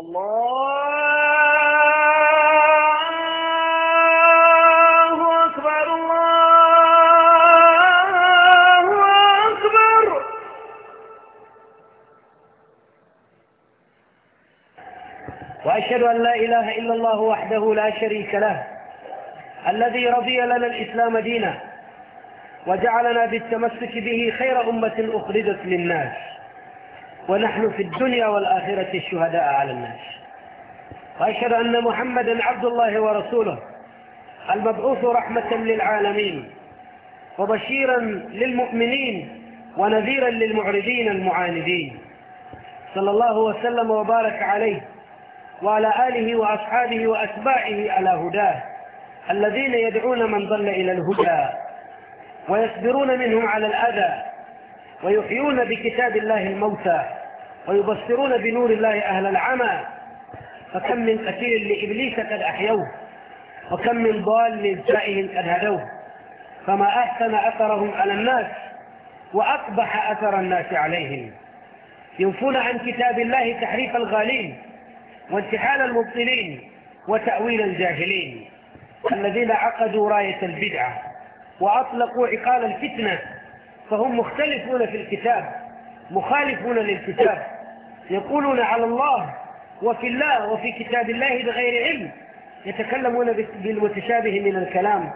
الله أكبر الله أكبر وأشهد أن لا إله إلا الله وحده لا شريك له الذي رضي لنا الإسلام دينا وجعلنا بالتمسك به خير أمة أخرجت للناس ونحن في الدنيا والآخرة الشهداء على الناس وأشهد أن محمدا عبد الله ورسوله المبعوث رحمة للعالمين وبشيرا للمؤمنين ونذيرا للمعرضين المعاندين صلى الله وسلم وبارك عليه وعلى آله وأصحابه وأتباعه على هداه الذين يدعون من ضل إلى الهدى ويصبرون منهم على الأذى ويحيون بكتاب الله الموتى ويبصرون بنور الله أهل العمى فكم من قتيل لإبليس قد أحيوه وكم من ضال سائهم قد هدوه فما أحسن أثرهم على الناس وأقبح أثر الناس عليهم ينفون عن كتاب الله تحريف الغالين وانتحال المبطلين وتأويل الجاهلين الذين عقدوا راية البدعة وأطلقوا عقال الفتنة فهم مختلفون في الكتاب مخالفون للكتاب يقولون على الله وفي الله وفي كتاب الله بغير علم يتكلمون بالمتشابه من الكلام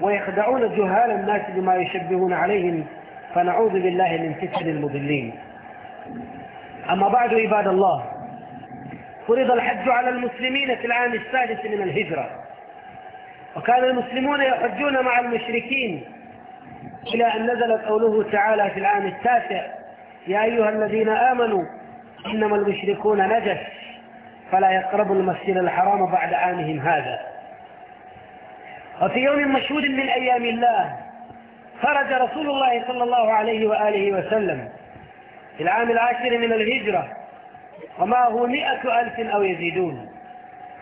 ويخدعون جهال الناس بما يشبهون عليهم فنعوذ بالله من فتن المضلين أما بعد عباد الله فرض الحج على المسلمين في العام السادس من الهجرة وكان المسلمون يحجون مع المشركين إلى أن نزلت قوله تعالى في العام التاسع يا أيها الذين آمنوا إنما المشركون نجس فلا يقربوا المسجد الحرام بعد عامهم هذا وفي يوم مشهود من أيام الله خرج رسول الله صلى الله عليه وآله وسلم في العام العاشر من الهجرة وما هو مئة ألف أو يزيدون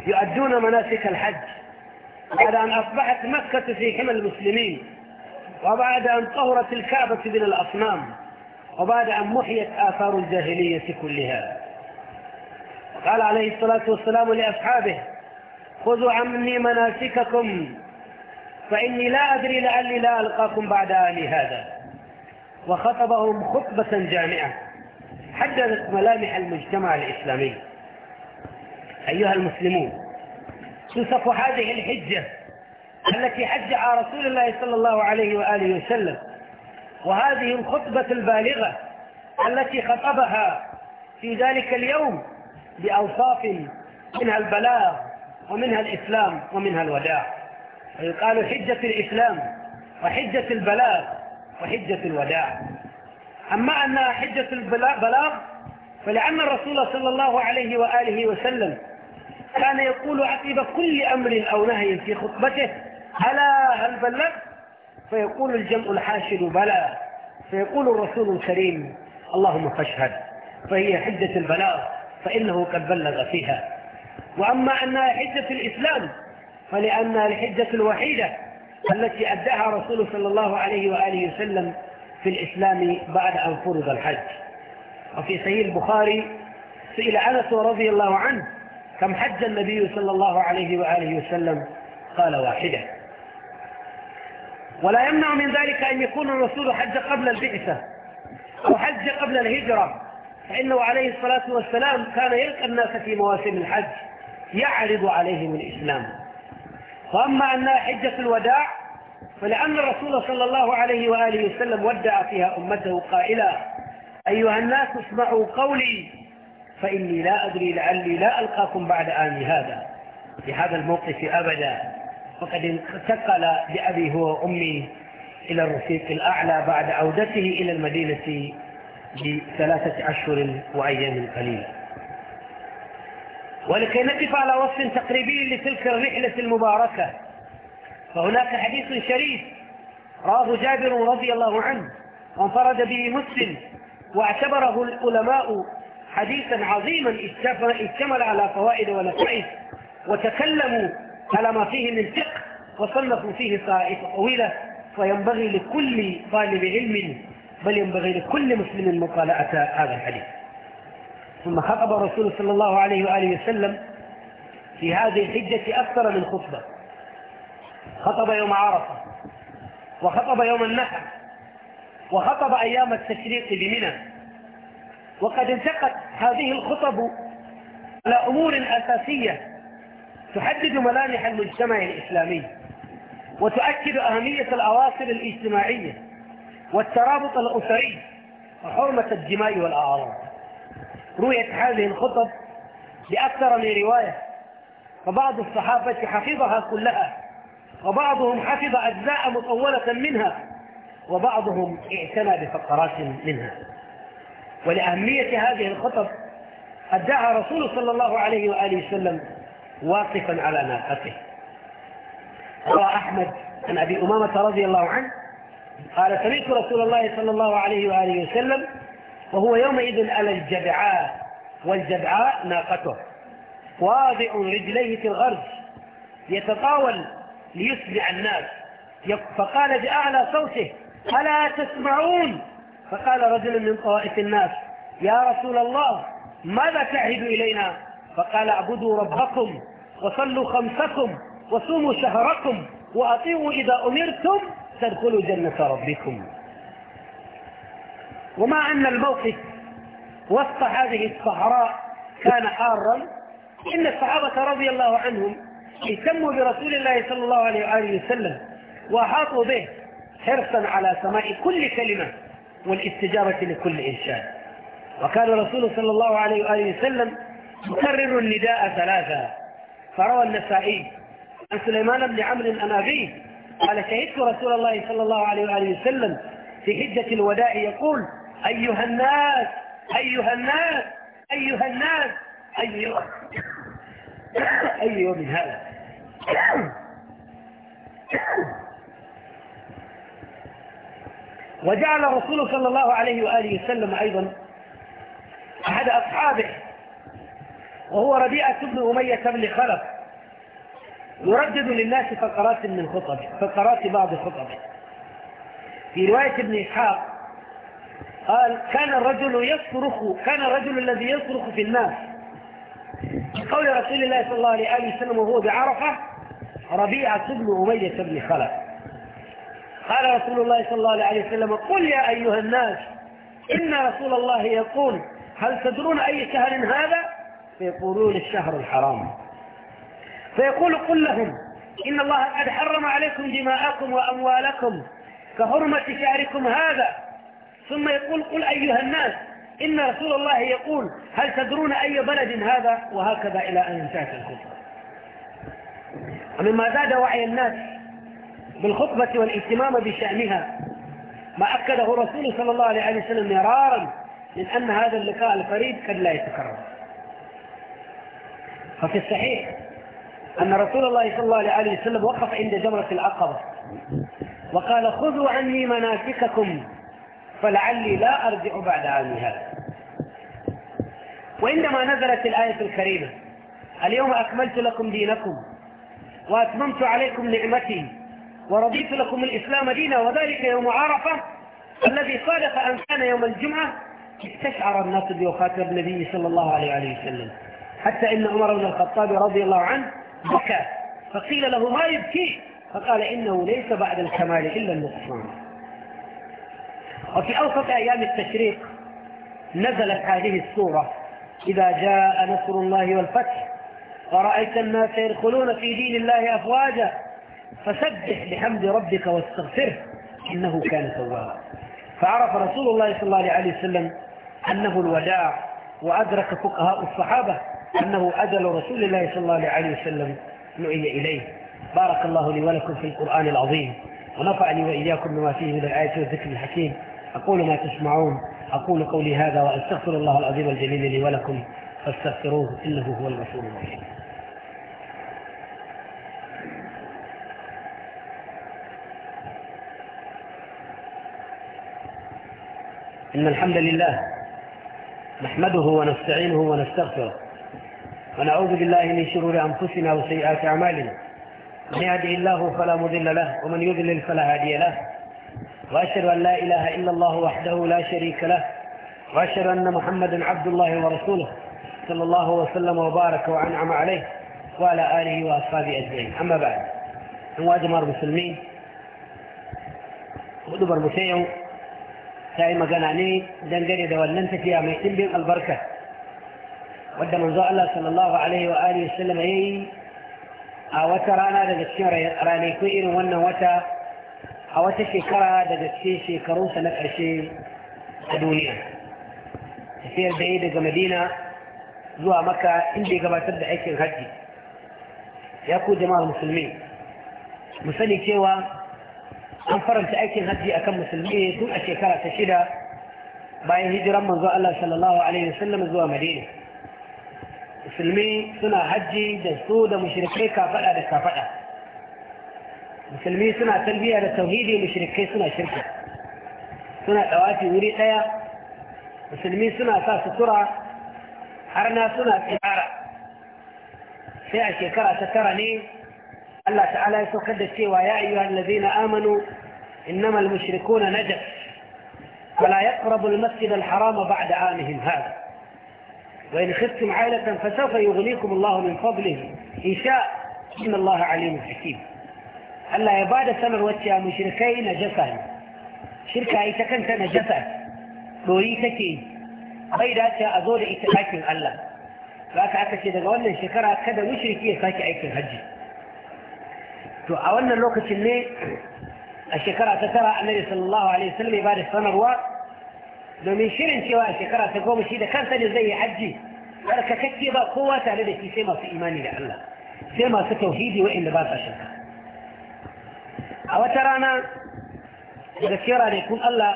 يؤدون مناسك الحج بعد أن أصبحت مكة في حمى المسلمين وبعد أن طهرت الكعبة من الأصنام وبعد أن محيت آثار الجاهلية كلها قال عليه الصلاة والسلام لأصحابه خذوا عني مناسككم فإني لا أدري لعلي لا ألقاكم بعد آلي هذا وخطبهم خطبة جامعة حددت ملامح المجتمع الإسلامي أيها المسلمون تصف هذه الحجة التي حجها رسول الله صلى الله عليه وآله وسلم وهذه الخطبة البالغة التي خطبها في ذلك اليوم بأوصاف منها البلاغ ومنها الإسلام ومنها الوداع ويقال حجة الإسلام وحجة البلاغ وحجة الوداع أما أنها حجة البلاغ فلأن الرسول صلى الله عليه وآله وسلم كان يقول عقب كل أمر أو نهي في خطبته ألا هل بلغت فيقول الجمع الحاشد بلى فيقول الرسول الكريم اللهم فاشهد فهي حجة البلاغ فإنه قد بلغ فيها وأما أنها حجة الإسلام فلأنها الحجة الوحيدة التي أدها رسول صلى الله عليه وآله وسلم في الإسلام بعد أن فرض الحج وفي صحيح البخاري سئل أنس رضي الله عنه كم حج النبي صلى الله عليه وآله وسلم قال واحدة ولا يمنع من ذلك أن يكون الرسول حج قبل البعثة أو حج قبل الهجرة فإنه عليه الصلاة والسلام كان يلقى الناس في مواسم الحج يعرض عليهم الإسلام وأما أنها حجة الوداع فلأن الرسول صلى الله عليه وآله وسلم ودع فيها أمته قائلا أيها الناس اسمعوا قولي فإني لا أدري لعلي لا ألقاكم بعد آن هذا في هذا الموقف أبدا فقد انتقل بأبي هو وأمي إلى الرفيق الأعلى بعد عودته إلى المدينة بثلاثة أشهر وأيام قليلة ولكي نقف على وصف تقريبي لتلك الرحلة المباركة فهناك حديث شريف راه جابر رضي الله عنه وانفرد به مسلم واعتبره العلماء حديثا عظيما اشتمل على فوائد ونفائس وتكلموا على ما فيه من فقه وصنفوا فيه طائفة طويلة فينبغي لكل طالب علم بل ينبغي لكل مسلم مطالعة هذا الحديث ثم خطب الرسول صلى الله عليه وآله وسلم في هذه الحجة أكثر من خطبة خطب يوم عرفة وخطب يوم النحر وخطب أيام التشريق بمنى وقد انتقت هذه الخطب على أمور أساسية تحدد ملامح المجتمع الإسلامي وتؤكد أهمية الأواصر الاجتماعية والترابط الأسري وحرمة الدماء والأعراض رويت هذه الخطب لأكثر من رواية فبعض الصحابة حفظها كلها وبعضهم حفظ أجزاء مطولة منها وبعضهم اعتنى بفقرات منها ولأهمية هذه الخطب أدعى رسول صلى الله عليه وآله وسلم واقفا على ناقته روى أحمد عن أبي أمامة رضي الله عنه قال سمعت رسول الله صلى الله عليه وآله وسلم وهو يومئذ على الجدعاء والجدعاء ناقته واضع رجليه في الغرز يتطاول ليسمع الناس فقال بأعلى صوته ألا تسمعون فقال رجل من طوائف الناس يا رسول الله ماذا تعهد إلينا فقال اعبدوا ربكم وصلوا خمسكم وصوموا شهركم وأطيعوا إذا أمرتم تدخلوا جنة ربكم ومع أن الموقف وسط هذه الصحراء كان حارا إن الصحابة رضي الله عنهم اهتموا برسول الله صلى الله عليه وآله وسلم وأحاطوا به حرصا على سماع كل كلمة والاستجابة لكل إنشاء وكان الرسول صلى الله عليه وآله وسلم تكرر النداء ثلاثة فروى النسائي عن سليمان بن عمرو الأنابي قال شهدت رسول الله صلى الله عليه وآله وسلم في حجة الوداع يقول أيها الناس أيها الناس أيها الناس أيها أي أيوة من هذا وجعل الرسول صلى الله عليه وآله وسلم أيضا أحد أصحابه وهو ربيعة بن أمية بن خلف يردد للناس فقرات من خطبه فقرات بعض خطبه في رواية ابن إسحاق قال كان الرجل يصرخ كان الرجل الذي يصرخ في الناس قول رسول الله صلى الله عليه وسلم وهو بعرفة ربيعة بن أمية بن خلف قال رسول الله صلى الله عليه وسلم قل يا أيها الناس إن رسول الله يقول هل تدرون أي شهر هذا فيقولون الشهر الحرام فيقول قل لهم إن الله قد حرم عليكم دماءكم وأموالكم كحرمة شعركم هذا ثم يقول قل أيها الناس إن رسول الله يقول هل تدرون أي بلد هذا وهكذا إلى أن انتهت الخطبة ومما زاد وعي الناس بالخطبة والاهتمام بشأنها ما أكده رسول صلى الله عليه وسلم مرارا من أن هذا اللقاء الفريد قد لا يتكرر ففي الصحيح أن رسول الله صلى الله عليه وسلم وقف عند جمرة العقبة وقال خذوا عني مناسككم فلعلي لا أرجع بعد عامي هذا وعندما نزلت الآية الكريمة اليوم أكملت لكم دينكم وأتممت عليكم نعمتي ورضيت لكم الإسلام دينا وذلك يوم عرفة الذي صادف أن كان يوم الجمعة استشعر الناس بوفاة النبي صلى الله عليه وسلم حتى إن عمر بن الخطاب رضي الله عنه بكى فقيل له ما يبكي فقال إنه ليس بعد الكمال إلا النقصان وفي أوسط أيام التشريق نزلت هذه السورة إذا جاء نصر الله والفتح ورأيت الناس يدخلون في دين الله أفواجا فسبح بحمد ربك واستغفره إنه كان توابا فعرف رسول الله صلى الله عليه وسلم أنه الوداع وأدرك فقهاء الصحابة أنه أجل رسول الله صلى الله عليه وسلم نعي إليه بارك الله لي ولكم في القرآن العظيم ونفعني وإياكم بما فيه من الآية والذكر الحكيم أقول ما تسمعون أقول قولي هذا وأستغفر الله العظيم الجليل لي ولكم فاستغفروه إنه هو الغفور الرحيم إن الحمد لله نحمده ونستعينه ونستغفره ونعوذ بالله من شرور أنفسنا وسيئات أعمالنا من يهده الله فلا مضل له ومن يضلل فلا هادي له وأشهد أن لا إله إلا الله وحده لا شريك له وأشهد أن محمدا عبد الله ورسوله صلى الله وسلم وبارك وأنعم عليه وعلى آله وأصحابه أجمعين أما بعد أجمع المسلمين hudubar mu ta yau ta yi magana ne ميتين da البركة wadda manzo Allah sallallahu alaihi wa alihi wasallam yayi a wata rana daga cikin ranaku irin wannan wata a wata shekara daga cikin shekarun shekarunsa na ƙarshe a duniya tafiyar da ya daga madina zuwa maka inda ya gabatar da aikin hajji ya ku jama'ar musulmi mu sani cewa an faranta aikin hajji akan musulmi tun a shekara ta shida bayan hijiran manzo Allah sallallahu alaihi wasallam zuwa madina musulmi suna hajji da su da mushrikai kafada da kafada musulmi suna talbiya da tauhidi mushrikai suna shirka suna dawati wuri daya musulmi suna sa sutura har na suna tsara sai a shekara ta tara ne Allah ta'ala ya saukar da cewa ya ayyuha allazina amanu innamal mushrikuna najas فلا يقربوا المسجد الحرام بعد عامهم هذا وإن خفتم عائلة فسوف يغنيكم الله من فضله إن شاء إن الله عليم حكيم ألا يباد سمر وجه مشركي نجفا. شركة أي تكنت نجسا بوريتك بيد أتى أزور إتحاك الله لك أكشي دقونا شكرا كذا مشركي يساك أيك الهجي تو أولنا اللوكة اللي الشكرا تترى النبي صلى الله عليه وسلم يبارك السمر و domin shirin cewa a shekara ta goma shi da kansa ne zai yi hajji tsarkakakke ba kowa tare da shi sai masu imani da Allah sai masu tauhidi waɗanda ba sa shirka a wata rana daga cikin ranakun Allah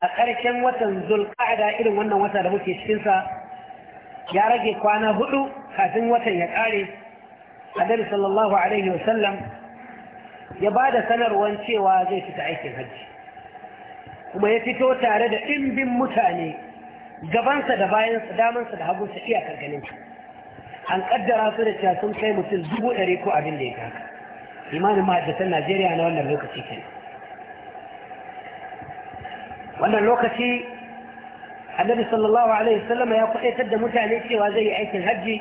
a ƙarshen watan zulƙa'ada irin wannan wata da muke cikinsa ya rage kwana hudu kafin watan ya ƙare annabi sallallahu alaihi wasallam ya ba da sanarwar cewa zai fita aikin hajji kuma ya fito tare da ɗimbin mutane gabansa da bayansa damansa da hagunsa iyakar ganinsa an kaddara su da cewa sun kai mutum dubu ɗari ko abin da ya kaka imanin ma'aikatan najeriya na wannan lokaci ke wannan lokaci annabi sallallahu alaihi wasallam ya kwaɗaitar da mutane cewa zai yi aikin hajji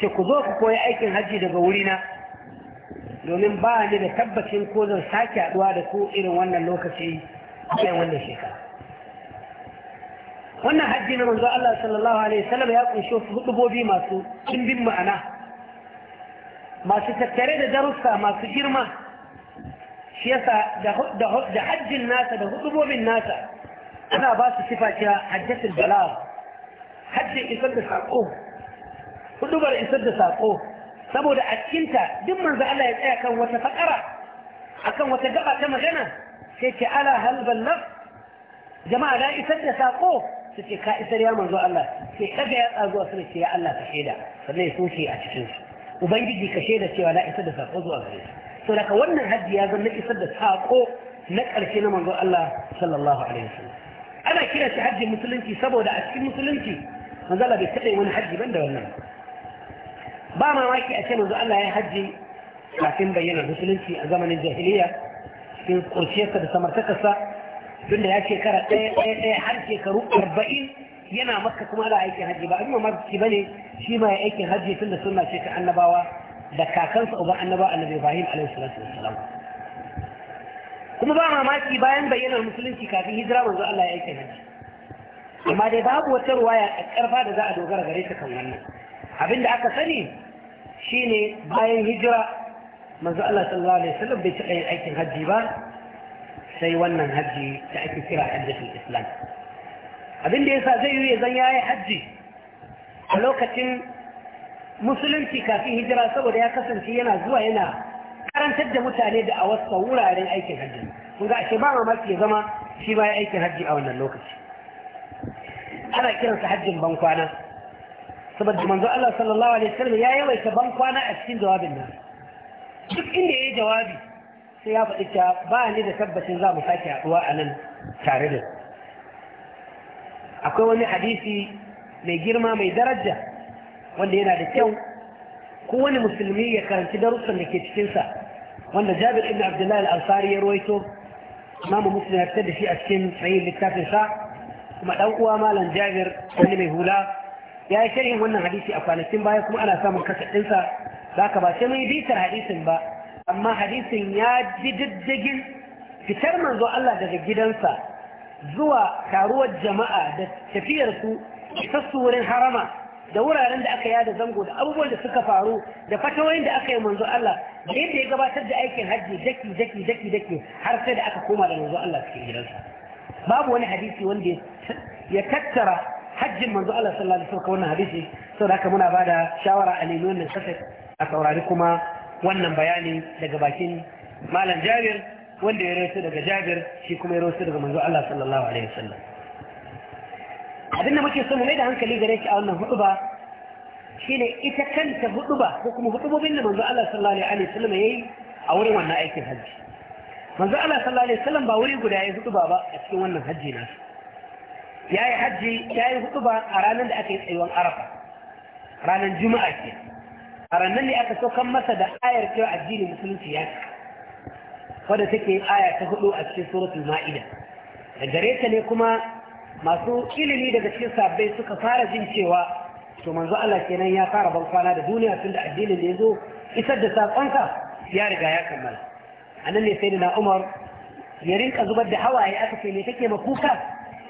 ce ku zo ku koyi aikin hajji daga wurina domin ba ni da tabbacin ko zan sake haɗuwa da ku irin wannan lokaci bayan wannan shekara wannan hajji na manzo Allah sallallahu alaihi wasallam ya kunshi wasu hudubobi masu dimbin ma'ana masu tattare da darussa masu girma shi yasa da hajjin nasa da hudubobin nasa ana ba su sifa cewa hajjatul balagh hajjin isar da sako hudubar isar da sako saboda a cikinta duk manzo Allah ya tsaya kan wata fakara akan wata gaba ta magana sai ce ala halban naf jama'a na isar da sako su ce ka isar ya manzo Allah sai kaga ya tsago su ce ya Allah ka shaida sannan ya soke a cikin su ubangiji ka shaida cewa na isar da sako zuwa gare su to daga wannan hajji ya zama isar da sako na ƙarshe na manzo Allah sallallahu alaihi wasallam ana kira shi hajji musulunci saboda a cikin musulunci manzo Allah bai taɓa wani hajji ban da wannan ba mamaki a ce manzo Allah ya hajji kafin bayyana musulunci a zamanin jahiliya cikin ƙurshensa da samartakarsa tun da ya shekara ɗaya ɗaya ɗaya har shekaru arba'in yana maka kuma da aikin hajji ba abin mamaki ba ne shi ma ya aikin hajji tun da suna ce annabawa da kakansa uba annabawa annabi ibrahim alaihi salatu wassalam kuma ba mamaki bayan bayyanar musulunci kafin hijira manzo Allah ya aikin hajji amma dai babu wata ruwaya a ƙarfa da za a dogara gare ta kan wannan abin da aka sani shine bayan hijira manzo Allah sallallahu alaihi wasallam bai taɓa yin aikin hajji ba sai wannan hajji da ake kira hajjatul islam abin da yasa zai yi zan yayi hajji a lokacin musulunci kafin hijira saboda ya kasance yana zuwa yana karantar da mutane da a wasu wuraren aikin hajji kun ga ashe ba mamaki ya zama shi ba ya aikin hajji a wannan lokaci ana kiransa hajjin bankwana saboda manzo Allah sallallahu alaihi wasallam ya yawaita bankwana a cikin jawabin nan duk inda ya yi jawabi sai ya faɗi ta ba ni da tabbacin za mu sake haɗuwa a nan tare da akwai wani hadisi mai girma mai daraja wanda yana da kyau ko wani musulmi ya karanci darussan da ke cikinsa wanda jabir ibn abdullahi al-ansari ya ruwaito imamu muslim ya fitar da shi a cikin sayin littafin sa kuma dan uwa malam jabir wani mai hula ya yi sharhin wannan hadisi a kwanakin baya kuma ana samun ɗinsa haka ba sai mun yi bitar hadisin ba amma hadisin ya ji diddigin fitar manzo Allah daga gidansa zuwa taruwar jama'a da tafiyarsu ta wurin harama da wuraren da aka yada zango da abubuwan da suka faru da fatawoyin da aka yi manzo Allah da yadda ya gabatar da aikin hajji daki daki daki daki har sai da aka koma da manzo Allah cikin gidansa babu wani hadisi wanda ya tattara hajjin manzo Allah sallallahu alaihi wasallam wannan hadisi saboda haka muna bada shawara a nemi wannan kasafin a saurari kuma wannan bayani daga bakin malam jabir wanda ya rawaito daga jabir shi kuma ya rawaito daga manzo Allah sallallahu alaihi wasallam abin da muke so mu mai da hankali gare shi a wannan hutuba shine ita kanta hutuba ko kuma hutubobin da manzo Allah sallallahu alaihi wasallam yayi a wurin wannan aikin hajji manzo Allah sallallahu alaihi wasallam ba wuri guda yayi hutuba ba a cikin wannan hajji nasu yayi hajji yayi hutuba a ranar da aka yi tsayuwar Arafa ranar Juma'a kenan a ranar ne aka saukan masa da ayar cewa addinin musulunci ya wadda take aya ta hudu a cikin suratul ma'ida da gare ta ne kuma masu ilimi daga cikin sabbai suka fara jin cewa to manzo Allah kenan ya fara bankwana da duniya tun da addinin da ya zo isar da sakonka ya riga ya kammala a nan ne sai da Umar ya rinka zubar da hawaye aka ce me kake makuka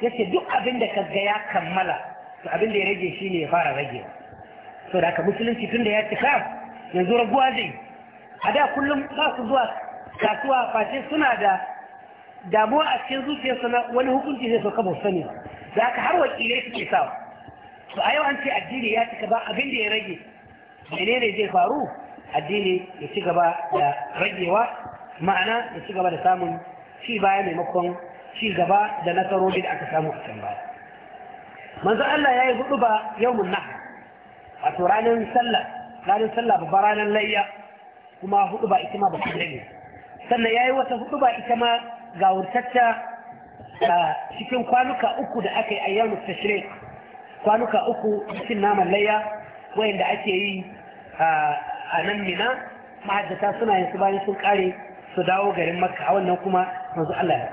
yace duk abin da ka ya kammala to abin da ya rage shine ya fara ragewa sau da aka musulunci tun da ya cika yanzu raguwa zai a da kullum ba su zuwa kasuwa face suna da damuwa a cikin zuciyarsu na wani hukunci zai sauka ba sani da aka har wakilai suke sa? to a yau an ce addini ya cika ba abin da ya rage menene zai faru addini ya ci gaba da ragewa ma'ana ya ci gaba da samun ci baya maimakon ci gaba da nasarori da aka samu a can baya manzo Allah ya yi hudu ba mun nahar wato ranar sallah ranar sallah babbar ranar layya kuma hudu ba ita ma ba ne sannan yayi wata hudu ba ita ma ga wurtacca cikin kwanuka uku da aka yi a ayyamu tashrik kwanuka uku cikin naman layya wayanda ake yi a nan mina ma'addata suna yin su bayan sun kare su dawo garin makka a wannan kuma manzo Allah ya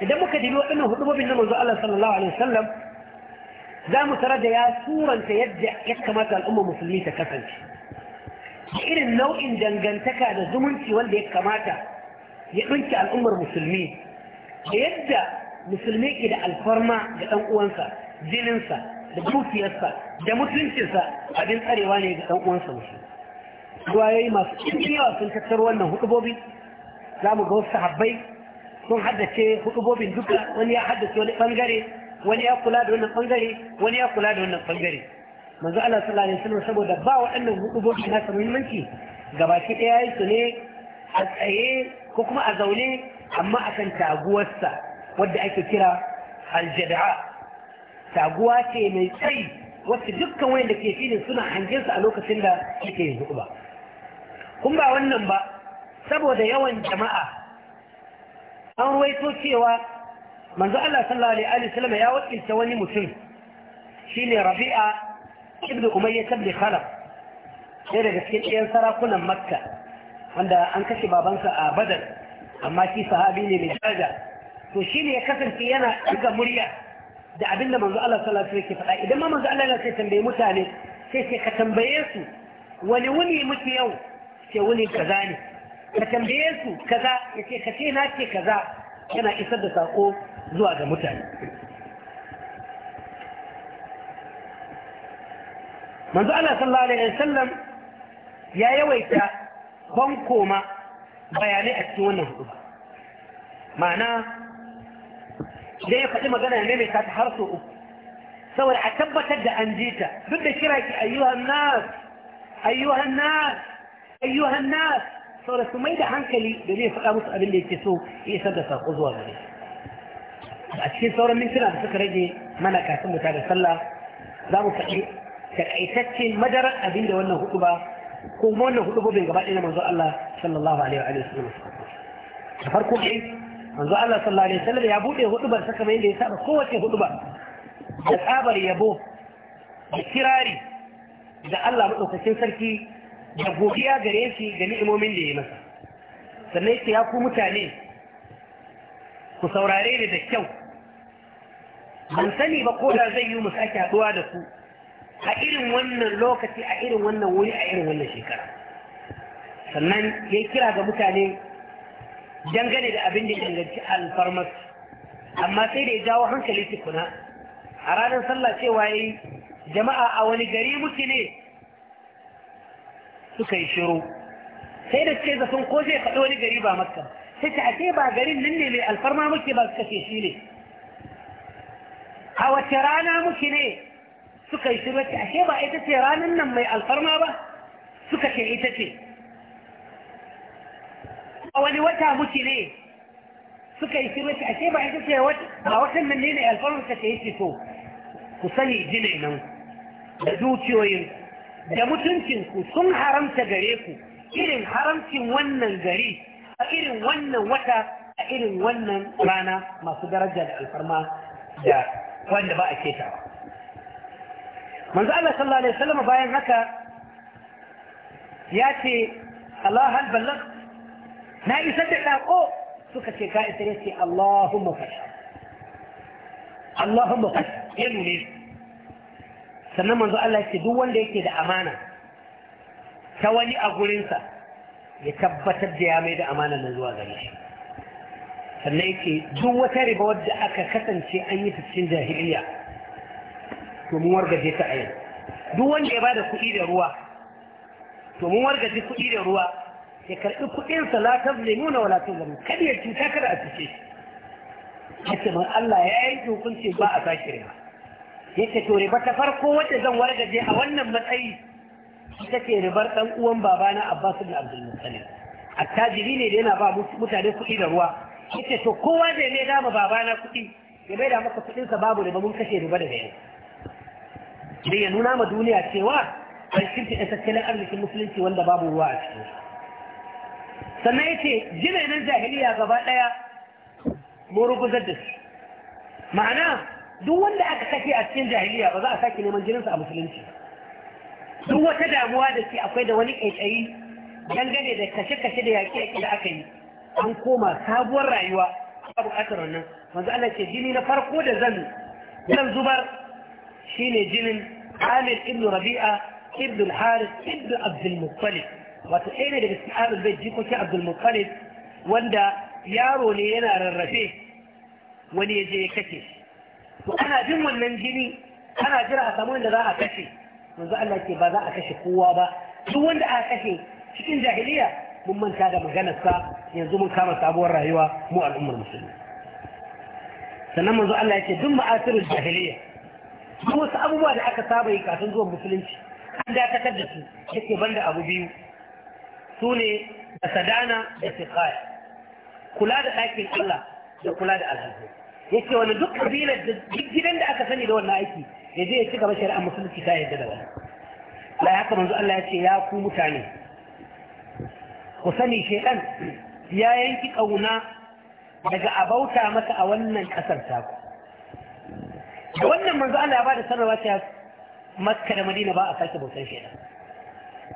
idan muka dibi waɗannan hudubobin na manzo Allah sallallahu alaihi wasallam za mu tarar da ya suranta yadda ya kamata al'ummar musulmi ta kasance a irin nau'in dangantaka da zumunci wanda ya kamata ya ɗunki al'ummar musulmi da yadda musulmi ke da alfarma ga ɗan uwansa jininsa da dukiyarsa da mutuncinsa abin tsarewa ne ga ɗan uwansa musulmi ruwayoyi masu cikin yawa sun tattaro wannan hudubobi za mu ga wasu sahabbai sun haddace hudubobin duka wani ya haddace wani bangare wani ya kula da wannan bangare wani ya kula da wannan bangare manzo Allah sallallahu alaihi wasallam saboda ba waɗannan hukumomi na muhimmanci gabaki ɗaya yi su ne a tsaye ko kuma a zaune amma akan taguwarsa wadda ake kira aljada'a taguwa ce mai tsayi wacce dukkan wanda ke fili suna hangensa a lokacin da yake yin ba. kun ba wannan ba saboda yawan jama'a an ruwaito cewa manzo Allah sallallahu alaihi wasallam ya wakilta wani mutum shine Rabi'a ibn Umayyah ibn Khalaf sai daga cikin ɗayan sarakunan Makka wanda an kashe babansa a Badar amma shi sahabi ne mai daraja to shine ya kasance yana daga murya da abinda manzo Allah sallallahu alaihi wasallam ke faɗa idan ma manzo Allah ya ce tambaye mutane sai ce ka tambaye su wani wuni muke yau ce wuni kaza ne ka tambaye su kaza ya ce ka ce na ce kaza yana isar da sako zuwa ga mutane manzo Allah sallallahu alaihi wasallam ya yawaita ban koma bayanai a cikin wannan hudu ma'ana idan ya faɗi magana ya maimaita ta har so uku saboda a tabbatar da an jita duk da kira ki ayyuhan nas ayyuhan nas ayyuhan nas saboda su mai da hankali da zai faɗa musu abin da yake so ya isar da saƙo zuwa gare a cikin sauran mintuna da suka rage mana kafin mu da sallah za mu faɗi takaitacce madarar abin da wannan hudu ko kuma wannan hudu bai gaba ɗaya na manzo Allah sallallahu alaihi wa sallam da farko dai manzo Allah sallallahu alaihi wa sallam ya buɗe hudubar ta kamar yadda ya saba kowace hudubar da tsabar yabo da kirari da Allah maɗaukacin sarki da godiya gare shi ga ni'imomin da ya masa sannan yake ya ku mutane ku saurare ni da kyau ban sani ba ko da zai yi musu ake haɗuwa da ku a irin wannan lokaci a irin wannan wuri a irin wannan shekara sannan ya kira ga mutane dangane da abin da ya danganci alfarmas amma sai da ya jawo hankali tukuna a ranar sallah cewa yi jama'a a wani gari muke ne suka yi shiru sai da suke zafin ko zai faɗi wani gari ba makka sai ta ake ba garin nan ne mai alfarma muke ba suka ce shi ne a wace rana muke ne suka yi shiru ta ake ba ita ce ranar nan mai alfarma ba suka ce ita ce a wani wata muke ne suka yi shiru ta ake ba ita ce ba watan nan ne mai alfarma suka ce ita to ku sani jinai nan da dukiyoyin da mutuncinku sun haramta gare ku irin haramcin wannan gari a irin wannan wata a irin wannan rana masu daraja da alfarma da wanda ba a ketawa manzo Allah sallallahu alaihi wasallam bayan haka ya ce Allah hal ballag na isa da ɗako? suka ce ka isa ya ce Allahumma fash Allahumma ya nune sannan manzo Allah ce duk wanda yake da amana ta wani a gurinsa ya tabbatar da ya mai da amana na zuwa gare shi sannan yake duk wata riba wadda aka kasance an yi ta cikin jahiliya to mun wargaje ta a duk wanda ya bada kuɗi da ruwa to mun wargaje kuɗi da ruwa ya karɓi kuɗinsa la na wala tuzlamu kada ya cuta kada a cike shi man Allah ya yanke hukunci ba a sake riba yake to ta farko wacce zan wargaje a wannan matsayi ita ce ribar dan uwan babana Abbas ibn Abdul Muttalib attajiri ne da yana ba mutane kuɗi da ruwa yake to kowa da ne da ma babana kuɗi ya bai da maka sa babu riba mun kashe riba daga yau idan ya nuna ma duniya cewa bai shirki da tattalin arzikin musulunci wanda babu ruwa a cikin sannan yace jinainan jahiliya gaba ɗaya mun ruguzar da su ma'ana duk wanda aka kashe a cikin jahiliya ba za a sake neman jininsa a musulunci duk wata damuwa da ke akwai da wani ƙaiƙayi dangane da kashe-kashe da yaƙi-yaƙi da aka yi an koma sabuwar rayuwa a buƙatar wannan wanzu ana ce jini na farko da zan zan zubar shine jinin Amir ibn Rabi'a ibn Haris ibn Abdul Muttalib wato ɗaya ne daga cikin Amir bai jikokin Abdul Muttalib wanda yaro ne yana rarrafe wani ya je ya kashe shi to ana jin wannan jini ana jira a samu da za a kashe yanzu Allah ce ba za a kashe kowa ba duk wanda aka kashe cikin jahiliya mun manta da maganarsa yanzu mun kama sabuwar rayuwa mu al'ummar musulmi sannan manzo Allah ya ce duk ma'asirul jahiliya duk wasu abubuwa da aka saba yi kafin zuwan musulunci an dakatar da su yake banda abu biyu su ne da sadana da kula da ɗakin Allah da kula da alhaji yake wani duk kabilar da duk gidan da aka sani da wannan aiki ya je ya ci gaba shari'a musulunci ta yadda da wani la haka manzo Allah ya ce ya ku mutane ku sani shedan ya yanki ƙauna daga abauta maka a wannan ƙasar taku. da wannan manzo Allah ya bada sanarwa cewa Makka da Madina ba a sake bautan shedan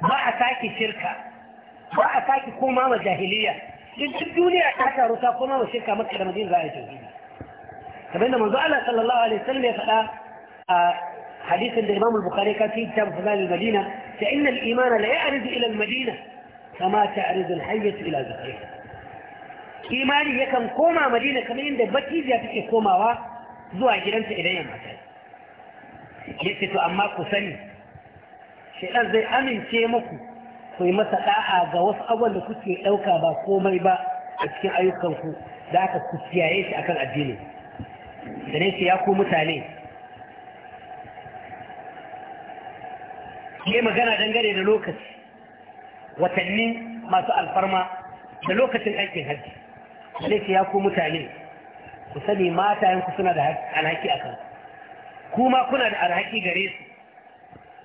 ba a sake shirka ba a sake koma ma jahiliya duk duniya ta taru ta koma ma shirka Makka da Madina za a yi tauhidi فبين من قال صلى الله عليه وسلم يسأل آه، حديث الإمام البخاري كان في كتاب فضائل المدينة فإن الإيمان لا يعرض إلى المدينة كما تعرض الحية إلى زكريا ايمان يكن كوما مدينة كما عند بتيز يفك كوما وا ذو أجرانت إلي ما تعرض يكتو أما كسني شيئا زي أمن تيمكو كوي مسأل آآ جواس أول كتو أوكا با كوما يبا أتكي أيوكا وكو ذاك كتو يعيش أكل أدينه da ne ya ku mutane ke magana dangane da lokaci watanni masu alfarma da lokacin aikin hajji da ne ya ku mutane ku sani matayenku suna da alhaki a kan kuma kuna da alhaki gare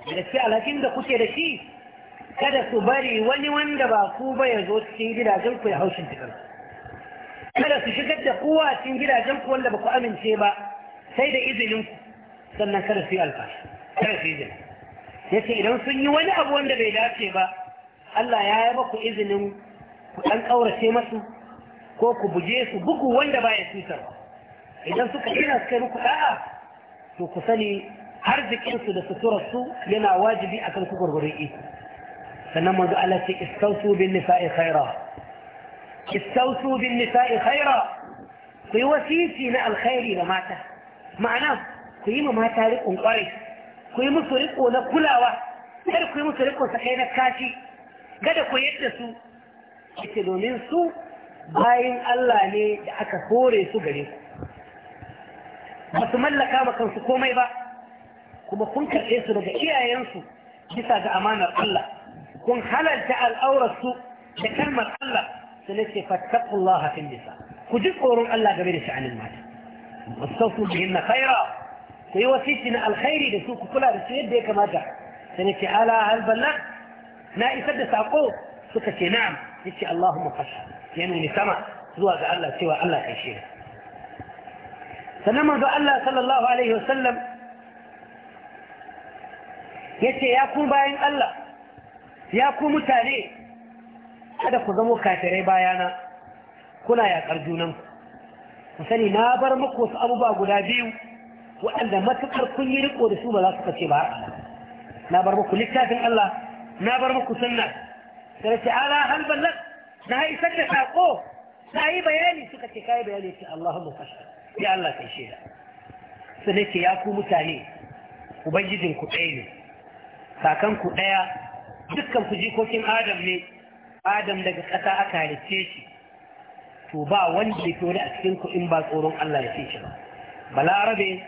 su da ce alhakin da kuke da shi kada su bari wani wanda ba ku ba ya zo cikin ku ya haushin jikansu kada su shigar da kowa cikin gidajen ku wanda ba ku amince ba sai da izinin ku sannan kada su yi alfashi kada su yi izini ya ce idan sun yi wani abu wanda bai dace ba Allah ya yaba ku izinin ku ɗan ƙaurace masu ko ku buje su bugu wanda ba ya cutarwa idan suka gina suka yi muku ɗa'a to ku sani jikinsu da su yana wajibi akan ku gurgurin iko sannan manzo Allah ce istausu bin nisa'i khaira استوثوا بالنساء خيرا في وسيلة نا الخير لماتا معناه في مماتا لكم قريب في مصرقوا لكلاوة هل في مصرقوا سحينة كاشي قد كو يتسو يتلو سو باين الله لي دعك فوري سو قريب فتملا كاما كان سكوم ايبا كما كنكر ايسو لدعي اينسو بسا دعمان الله كن حلل تعال اورسو لكلمة الله سلسة فاتقوا الله في النساء كجفور الله قبل شأن المال واستوصوا بهن خيرا سيوسيسنا الخير لسوك كلها لسيد ديك ما جاء سلسة على هل بلغ نا يسد ساقوه سكتي نعم يسي اللهم فشل يعني نسمع zuwa ga Allah cewa Allah kai shi sannan manzo Allah sallallahu alaihi wasallam yace ya ku bayan Allah ya ku mutane kada ku zamo kafirai bayana kuna yaƙar junanku, ku sani na bar muku wasu abubuwa guda biyu waɗanda matuƙar kun yi riƙo da su ba za su kace ba na bar muku littafin Allah na bar muku sunna da ce ala hal ballak na isar da saƙo, na yi bayani suka ce kai bayani ce Allahumma fashal ya Allah kai da. sai nake ya ku mutane ubangijin ku ɗaya ne kakan ku ɗaya dukkan ku jikokin Adam ne adam daga ƙasa aka halicce shi to ba wanda ya wani a cikin ku in ba tsoron Allah ya ce shi ba balarabe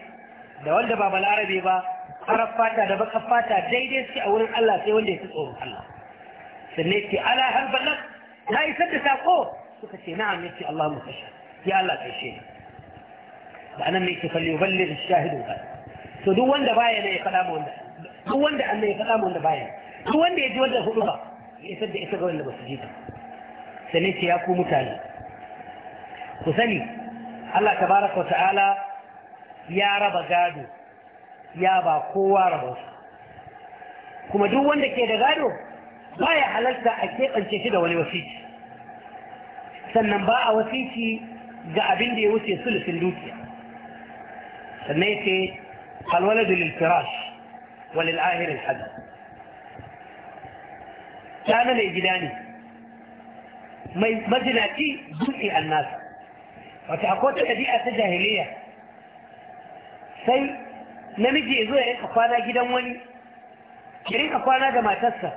da wanda ba balarabe ba farar fata da bakar fata daidai suke a wurin Allah sai wanda ya fi tsoron Allah sannan ce ala har balak na isar da sako suka ce na'am yace Allah mu kashe. ya Allah kai shi da anan ne ke falli balli shahidu ba to duk wanda baya ne ya faɗa mu wanda duk wanda Allah ya faɗa ma wanda baya duk wanda ya ji wanda hudu ba isar da ita ga wanda ba su ji ta sannan ce ya ku mutane ku sani Allah tabaraka ta'ala ya raba gado ya ba kowa rabonsa kuma duk wanda ke da gado ba ya halarta a keɓance shi da wani wasici sannan ba a wasici ga abin da ya wuce sulusin dukiya sannan ya ce halwala da lilfirash walil ahirin hadu ta na mai gida ne mai majinaci dutse annasa wata akwai ta ɗabi'a ta jahiliya sai namiji ya zo ya rinka kwana gidan wani ya rinka kwana da matarsa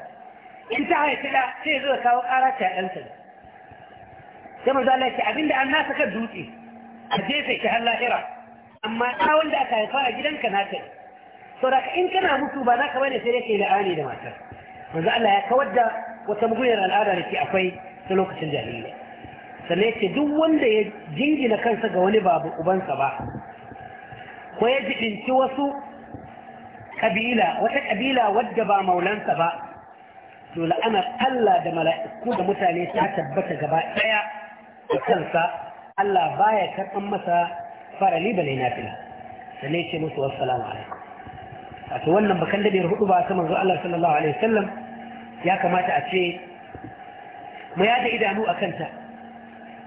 in ta haifi da sai ya zo ya kawo ƙara ta ɗansa sai maza Allah ce abinda an nasa kan dutse a jefe shi har lahira amma ta wanda aka haifa a gidanka naka ne saboda in kana mutu ba za ka da sai dai kai la'ani da matar manzo Allah ya kawar da wata muguyar al'ada da ke akwai ta lokacin jahiliya sannan yace duk wanda ya jingina kansa ga wani babu ubansa ba ko ya jibinci wasu kabila wata kabila wadda ba maulansa ba to la'ana Allah da mala'iku da mutane ta tabbata gaba daya da kansa Allah baya karɓan masa farali da lainafila sannan yace musu wassalamu alaikum wato wannan bakan da bai hudu ba ta manzo Allah sallallahu alaihi wasallam ya kamata a ce mu yada idanu a kanta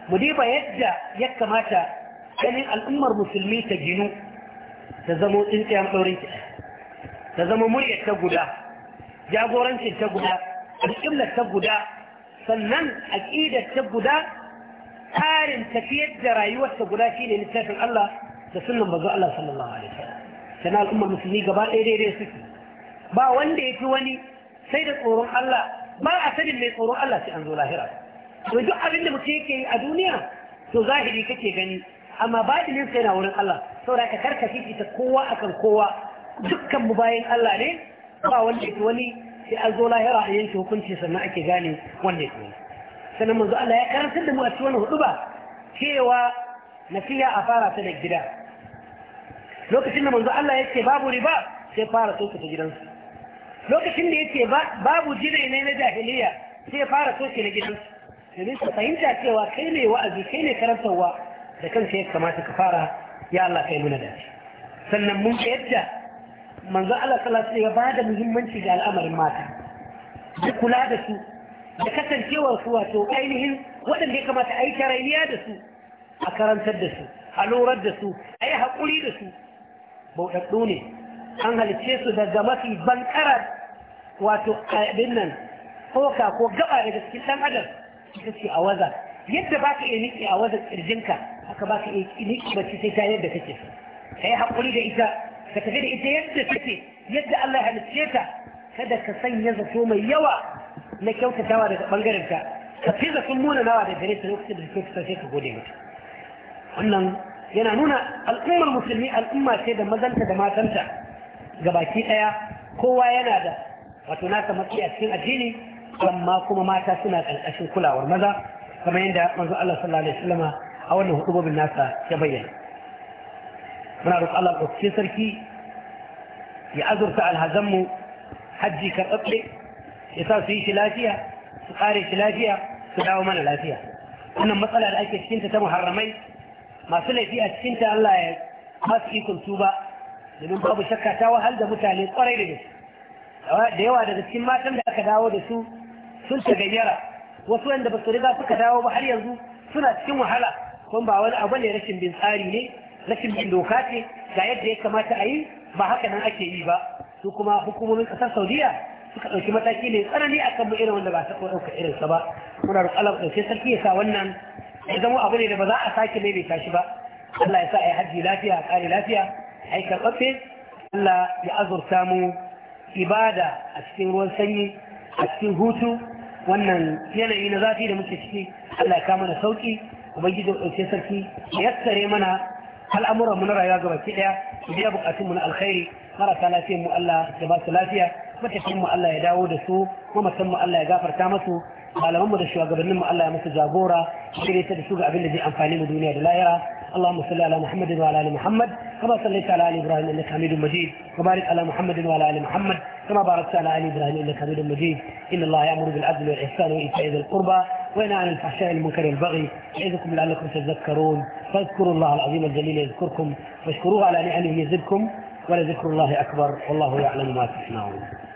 mu diba yadda ya kamata ganin al'ummar musulmi ta ginu ta zamo tsintsiyan ɗaurin ki ta zama muryar ta guda jagorancin ta guda alƙiblar ta guda sannan aƙidar ta guda tsarin tafiyar da rayuwar ta guda shine littafin Allah da sunan bazo Allah sallallahu alaihi wasallam sana al'ummar musulmi gaba ɗaya daidai suke ba wanda ya fi wani sai da tsoron Allah ba a sanin mai tsoron Allah sai an zo lahira to duk abin da mutum yake yi a duniya to zahiri kake gani amma baɗinin sai na wurin Allah saboda ka karkace ita kowa akan kowa dukkan mu bayan Allah ne ba wanda yake wani sai an zo lahira a yanke hukunci sannan ake gane wanda yake wani sannan manzo Allah ya karantar da mu a cikin wani hudu ba cewa nasiha a fara ta da gida lokacin da manzo Allah yake babu riba sai fara tsoka ta gidansu lokacin da yake babu jirai ne na jahiliya sai ya fara soke na gidan domin ka fahimta cewa kai ne wa'azi kai ne karantarwa da kansa ya kamata ka fara ya Allah kai muna da sannan mun ga yadda manzo Allah sallallahu alaihi wasallam ya bada muhimmanci ga al'amarin mata da kula da su da kasancewar su wato ainihin waɗanda ya kamata a yi tarayya da su a karantar da su a lurar da su a yi haƙuri da su bauɗaɗɗu ne an halice su daga mafi bankara wato abin nan tsoka ko gaba daga cikin ɗan adam ita ce a waza yadda ba ka iya niƙe a waza ƙirjinka haka ba ka iya niƙe bacci sai ta yadda kake ka yi haƙuri da ita ka tafi da ita yadda take yadda Allah ya halicce ta kada ka sanya zato mai yawa na kyautatawa daga ɓangaren ka ka fi zaton muna nawa da gare ta lokacin da ka kyautata sai ka gode mata wannan yana nuna al'ummar musulmi al'umma ce da mazanta da matanta gabaki ɗaya kowa yana da wato na kamar a cikin addini amma kuma mata suna ƙarƙashin kulawar maza kamar yadda manzo Allah sallallahu alaihi wasallam a wannan hudubobin nasa ya bayyana muna roƙon Allah ɗaukacin sarki ya azurta alhazanmu hajji karɓaɓɓe ya sa su yi shi lafiya su ƙare shi lafiya su dawo mana lafiya wannan matsala da ake cikinta ta muharramai masu laifi a cikinta Allah ya masu ikon tuba domin babu shakka ta wahal da mutane kwarai da gaske da yawa daga cikin matan da aka dawo da su sun tagayyara wasu wanda ba su riga suka dawo ba har yanzu suna cikin wahala kun ba wani abu ne rashin bin tsari ne rashin bin doka ce ga yadda ya kamata a yi ba haka nan ake yi ba su kuma hukumomin kasar saudiya suka ɗauki mataki ne tsanani a kan irin wanda ba ta ko ɗauka irinsa ba muna da Allah ɗauke sarki ya sa wannan ya zama abu ne da ba za a sake maimaita shi ba Allah ya sa a yi hajji lafiya a kare lafiya a yi karɓaɓɓe Allah ya azurta mu ibada a cikin ruwan sanyi a cikin hutu wannan yanayi na zafi da muke ciki Allah ya kama da sauki ubangiji da ɗauke sarki ya yassare mana al'amuran mu na rayuwa gaba ki daya mu biya bukatun mu na alkhairi marasa lafiyar mu Allah ya ba su lafiya matafiyan mu Allah ya dawo da su kuma mu Allah ya gafarta masu malaman mu da shugabannin mu Allah ya musu jagora shirye ta da su ga abin da zai amfani mu duniya da lahira اللهم صل على محمد وعلى ال محمد كما صليت على ال ابراهيم انك حميد مجيد وبارك على محمد وعلى ال محمد كما باركت على ال ابراهيم انك حميد مجيد ان الله يامر بالعدل والاحسان وايتاء ذي القربى وينهى عن الفحشاء والمنكر والبغي يعظكم لعلكم تذكرون فاذكروا الله العظيم الجليل يذكركم واشكروه على نعمه يزدكم ولذكر الله اكبر والله يعلم ما تصنعون